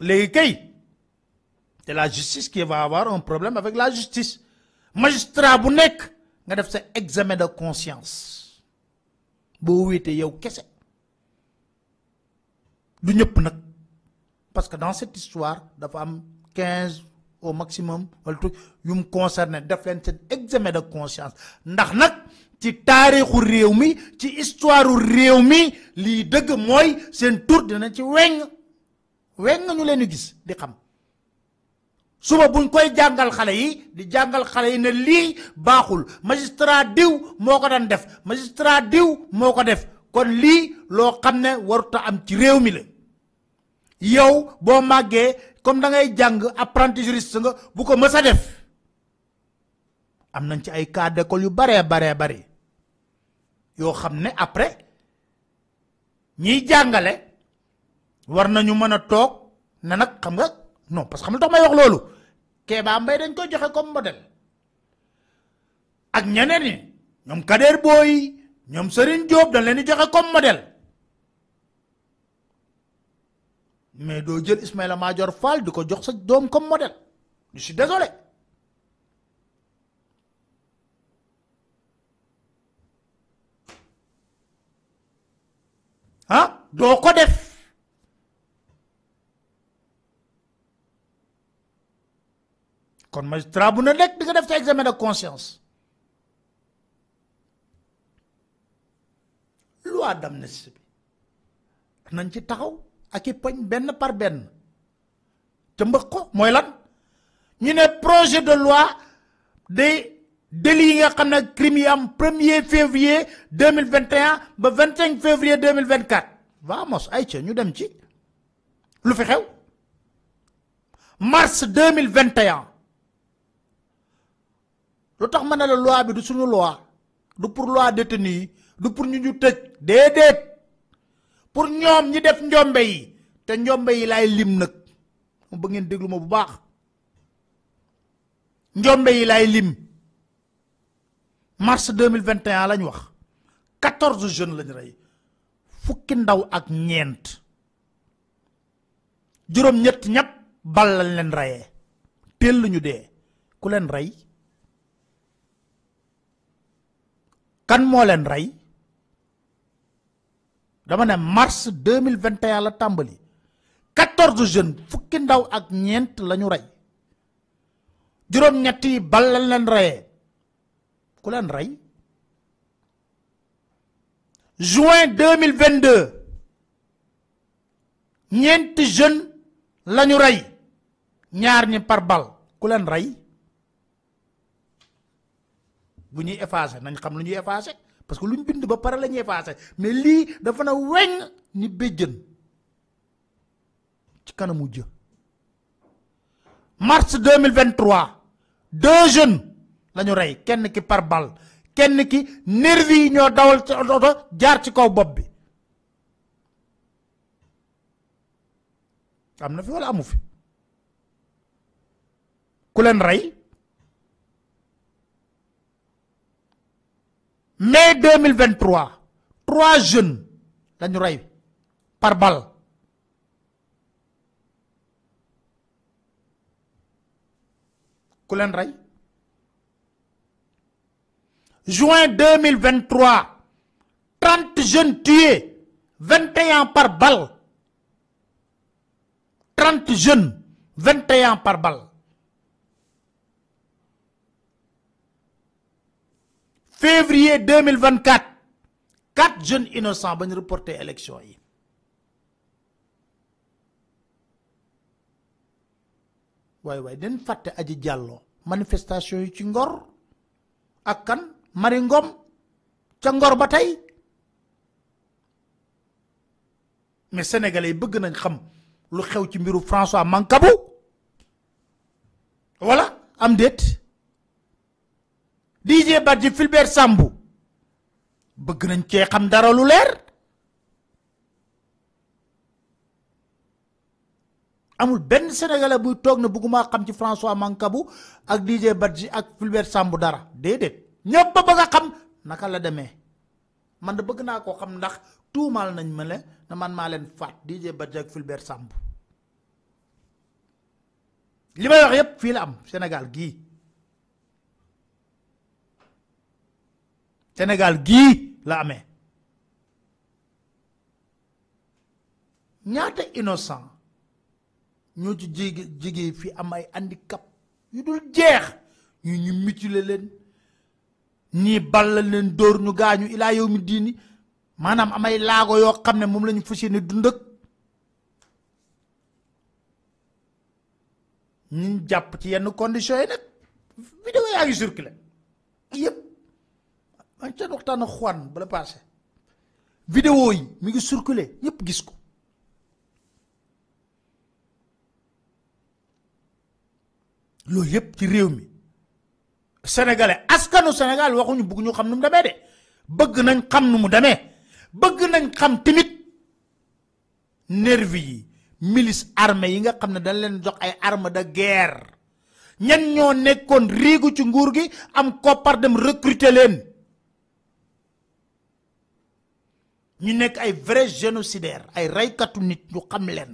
léegi kay te la justice qui va avoir un problème avec la justice magistrat bu nekk nga def sa examen de conscience boo wéetee yow kese du ñëpp nag parce que dans cette histoire dafa am quinze au maximum wala truc yu mu concerné def leen seen examen de conscience ndax nag ci taarixu réew mi ci histoire réew mi lii dëgg mooy seen tur dina ci weng wéeg nga ñu leen gis di xam suba buñ koy jàngal xale yi di jàngal xale yi ne lii baaxul magistrat diw moo ko daan def magistrat diw moo ko def kon lii loo xam ne waruta am ci réew mi la yow boo màggee comme dangay jàng apprenti juriste nga bu ko mës a def am nañ ci ay cas d'école yu baree baree bari yoo xam ne après ñiy jàngale war nañu mën a toog ne nag xam nga non parce que xam nga tax may wax loolu Kéba mbay dañ koy joxe comme modèle ak ñeneen ñi ñoom Kader booy ñoom Serigne Diop dañ leen di joxe comme modèle mais doo jël Ismaïla Madior Fall di ko jox sa doom comme modèle je suis désolé ah doo ko def. kon magistrat bu ne nekk di nga def sa examen de conscience loi d'amnistie bi nañ ci taxaw ak i poñ benn par benn te mbëx ko mooy lan ñu ne projet de loi des délits yi nga xam ne crimes yi am premier février deux mille vingt et ba vingt cinq février deux mille vingt quatre vamos ay ca ñu dem ci lu fi xew mars deux mille vingt et lu tax ma ne la loi bi du suñu loi du pour loi détenu yi du pour ñu ñu tëj déedéet pour ñoom ñi def njombe yi te njombe yi lay lim nag mu bëgg ngeen déglu ma bu baax njombe yi lay lim mars 2021 lañ wax 14 jeunes lañ rey fukki ndaw ak ñeent juróom ñett ñépp bal lañ leen reyee teel ñu dee ku leen rey kan moo leen rey dama ne mars 2021 la tàmbali 14 jeunes fukki ndaw ak ñeent lañu ñu rey juróom-ñett yi bal lañ leen reyee ku leen rey juin 2022 ñeenti jeunes la ñu rey ñaar ñi par bal ku leen rey bu ñuy effacé nañ xam lu ñuy effacé parce que lu ñu bind ba pare la ñuy effacé mais lii dafa na weñ ni béjjën ci kanamu jë mars 2023 deux jeunes lañu rey kenn ki par balle kenn ki nervi yi ñoo dawal ci oto jaar ci kaw bopp bi am na fi walla amu fi ku leen rey mai 2023 trois jeunes lañu rey par balle ku leen rey juin 2023 30 jeunes tués 21 par balle trente jeunes 21 par bal février 2024 quatre jeunes innocents ba ñu reporté élection yi waaye waaye dañ fàtte aji jàlloo manifestation yi ci ngor ak kan mari ngom ca ngor ba tey mais sénégalais yi bëgg nañ xam lu xew ci mbiru François Mancabou voilà am déet DJ Badji Fulbert Sambou bëgg nañ cee xam dara lu leer amul benn sénégalais buy toog na bugguma xam ci François Mancabou ak DJ Badji ak Fulbert Sambou dara déedéet ñëpp ba bëgg a xam naka la demee man da bëgg naa koo xam ndax tuumaal nañ ma le na man maa leen faat DJ Badji ak Fulbert Sambou li may wax yépp fii la am Sénégal gii Sénégal gii la amee ñaata innocent ñoo ci jege jege fi am ay handicap yu dul jeex ñu ñu mutile leen ñii ballal leen dóor ñu gaañu ilaa yow mi diini maanaam am ay laago yoo xam ne moom la ñu fas yéene dund ñu jàpp ci yenn conditions yi nag vidéo yaa ngi yëpp maa ngi ca waxtaan ak Juan bala passé vidéo yi mi ngi circuler yépp gis ko loolu yëpp ci réew mi sénégalais askanu Sénégal waxuñu bëgg ñu xam nu mu demee de bëgg nañ xam nu mu demee bëgg nañ xam tamit nervi yi milice arme yi nga xam ne dañ leen jox ay arme de guerre ñan ñoo nekkoon riigu ci nguur gi am koppar dem recruter leen ñu nekk ay vrais génocidaires ay reykatu nit ñu xam leen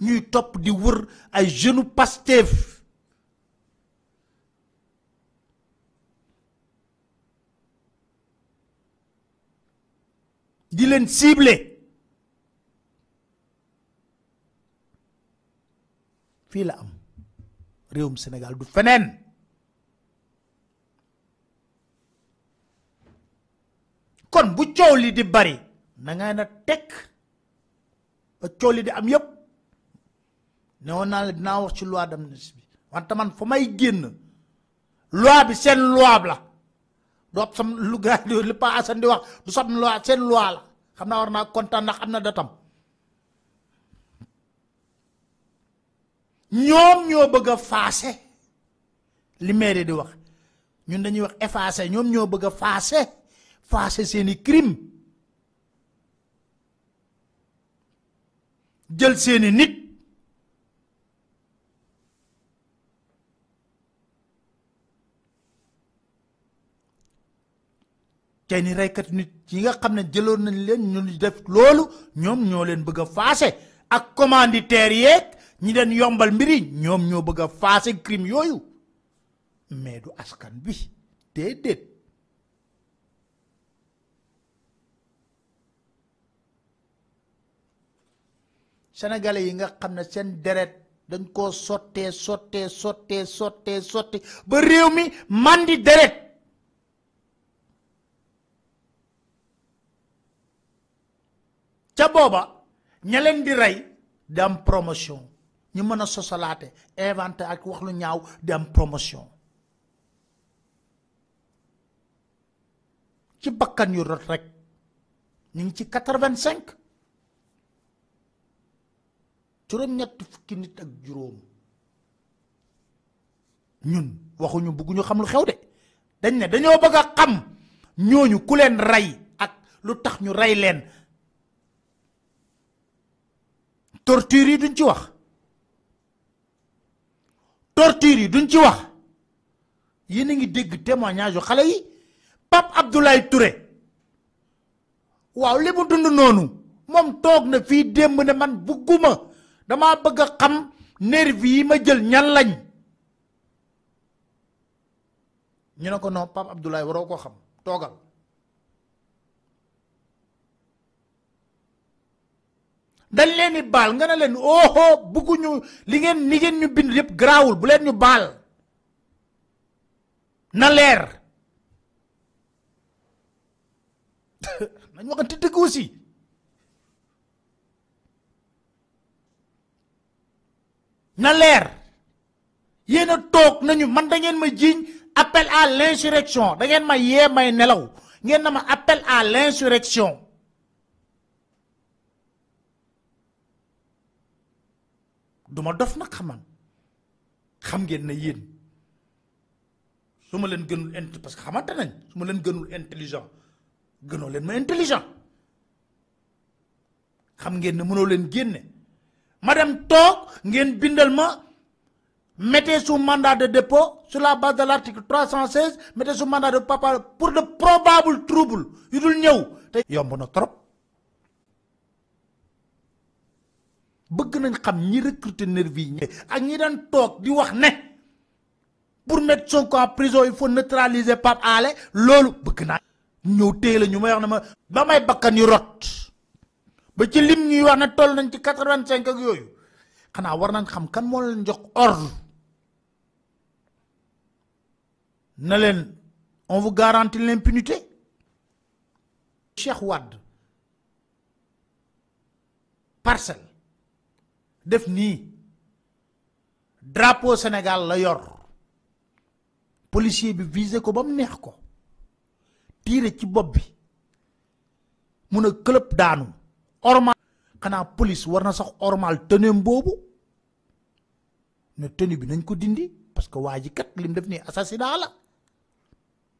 ñuy topp di wër ay jeune Pastef di leen ciblé. fii la am réewum Sénégal du feneen kon bu coow li di bari na nga na tekk coow li di am yépp ne woon naa la dinaa wax ci loi d'amnistie bi wante man fu may génn loi bi seen loi la du ab sam lu gaa li Pa Assane di wax du sam loi seen loi la xam naa war naa kontaan ndax am na datam ñoom ñoo bëgg a faase li di wax ñun dañuy wax effacé ñoom ñoo bëgg a faase faase seeni crime jël seeni nit tey ni reykat nit yi nga xam ne jëloon nañ leen ñu def loolu ñoom ñoo leen bëgg a faase ak commanditaire yeeg ñi leen yombal mbiri ñoom ñoo bëgg a faase crime yooyu mais du askan bi déedéet sénégalais yi nga xam ne seen deret dañ koo sottee sottee sottee sottee sottee ba réew mi màndi deret ca booba ñaleen leen di rey di am promotion ñu mën a sosalaate inventé ak wax lu ñaaw di am promotion ci bakkan yu rot rek ñu ngi ci quatre-vingt-cinq juróom-ñett fukki nit ak juróom ñun waxuñu bëgguñu xam lu xew de dañ ne dañoo bëgg a xam ñooñu ku leen rey ak lu tax ñu rey leen torture yi duñ ci wax torture yi duñ ci wax yéen a ngi dégg témoignage yu xale yi Pape Abdoulaye ture waaw li mu dund noonu moom toog na fii démb ne man bugguma dama bëgg a xam nervi yi ma jël ñan lañ ñu ne ko non Pape Abdoulaye waroo koo xam toogal dañ leen baal nga ne leen oho bugguñu li ngeen ni ngeen ñu bind yëpp garaawul bu leen ñu baal na leer nañ waxante dëgg na leer yéen a toog nañu man da ma jiiñ appel à l'insurrection da ngeen ma yee may nelaw ngeen na ma appel à l'insurrection du ma dof nag xamam xam ngeen na yéen su ma leen gënul int parce que xamante nañ su ma leen gënul intelligent gënoo leen ma intelligent xam ngeen ne mënoo leen génne ma dem toog ngeen bindal ma mettez su mandat de dépôt sur la base de l' article 316 mettez sous mandat de papa pour de probable trouble yu dul ñëw te yomb na trop bëgg nañ xam ñi recruter nervi ak ñi daan toog di wax ne pour mettre Sonko en prison il faut neutraliser Pape Alé loolu bëgg naa ñëw téye la ñu may wax ne ma ba may bakkan yu rot ba ci lim ñuy wax na toll nañ ci quatre vingt cinq ak yooyu xanaa war nañ xam kan moo leen jox ordre na leen on vous leen l'impunité Cheikh Wade parcelle def nii drapeau Sénégal la yor policier bi visé ko ba mu neex ko tiire ci bopp bi mun a këlëb daanu ormal xanaa police war na sax ormal teneem boobu ne tenue bi nañ ko dindi parce que waa ji kat lim def nii assassinat la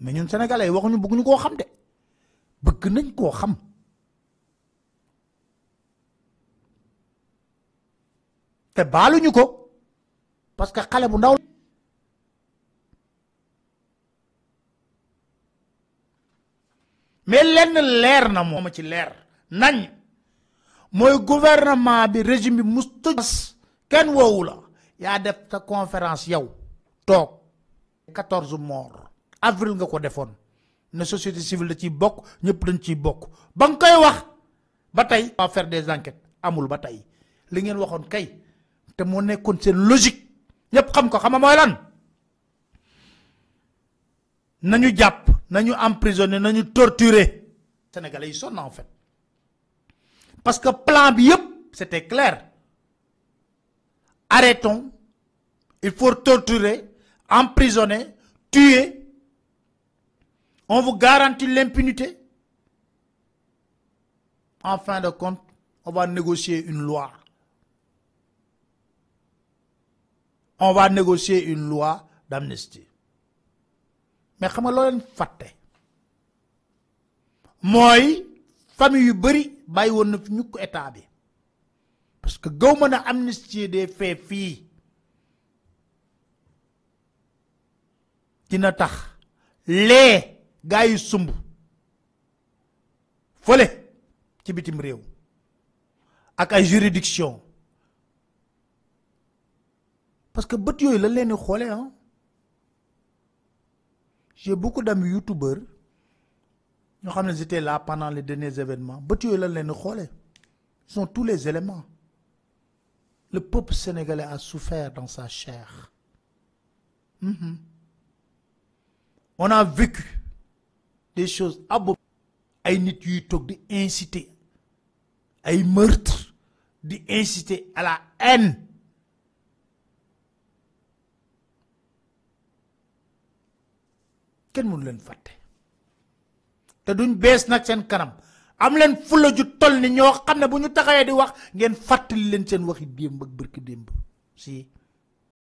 mais ñun sénégalais yi waxuñu bëgguñu koo xam de bëgg nañ koo xam te baaluñu ko parce que xale bu ndaw mais lenn leer na moom ci leer nañ mooy gouvernement bi régime bi musta kenn woowu la yaa def sa conférence yow toog quatorze morts avril nga ko defoon ne société civile da ciy bokk ñëpp dañ ciy bokk ba nga koy wax ba tey va des enquêtes amul ba tey li ngeen waxoon kay te moo nekkoon seen logique ñëpp xam ko xama mooy lan nañu jàpp nañu emprisonné nañu torturé sénégalais yi sonn en fait parce que plan bi yëpp c'était clair arrêtons il faut torturer emprisonner tuer on vous garantit l'impunité en fin de compte on va négocier une loi on va négocier une loi d'amnistie mais xam nga loo leen fàtte mooy famille yu bëri bàyyi woon na fi ñu ko état bi parce que gaw mën a amnistie des faits fii dina tax lee gaa yi sumb fole ci bitim réew ak ay juridiction parce que bët yooyu lan leen di xoole ah j'ai beaucoup d'amis youtubeurs ñoo xam ne j'étais là pendant les derniers événements bët yooyu lan leen xoole xoolee ce tous les éléments le peuple sénégalais a souffert dans sa chair mmh. on a vécu des choses abominables ay nit yuy toog di inciter ay meurtre di inciter à la haine kenn mënu leen fàtte te duñ bees nag seen kanam am leen fulla ju toll ni ñoo xam ne bu ñu taxawee di wax ngeen fàttali leen seen waxi démb ak bërki démb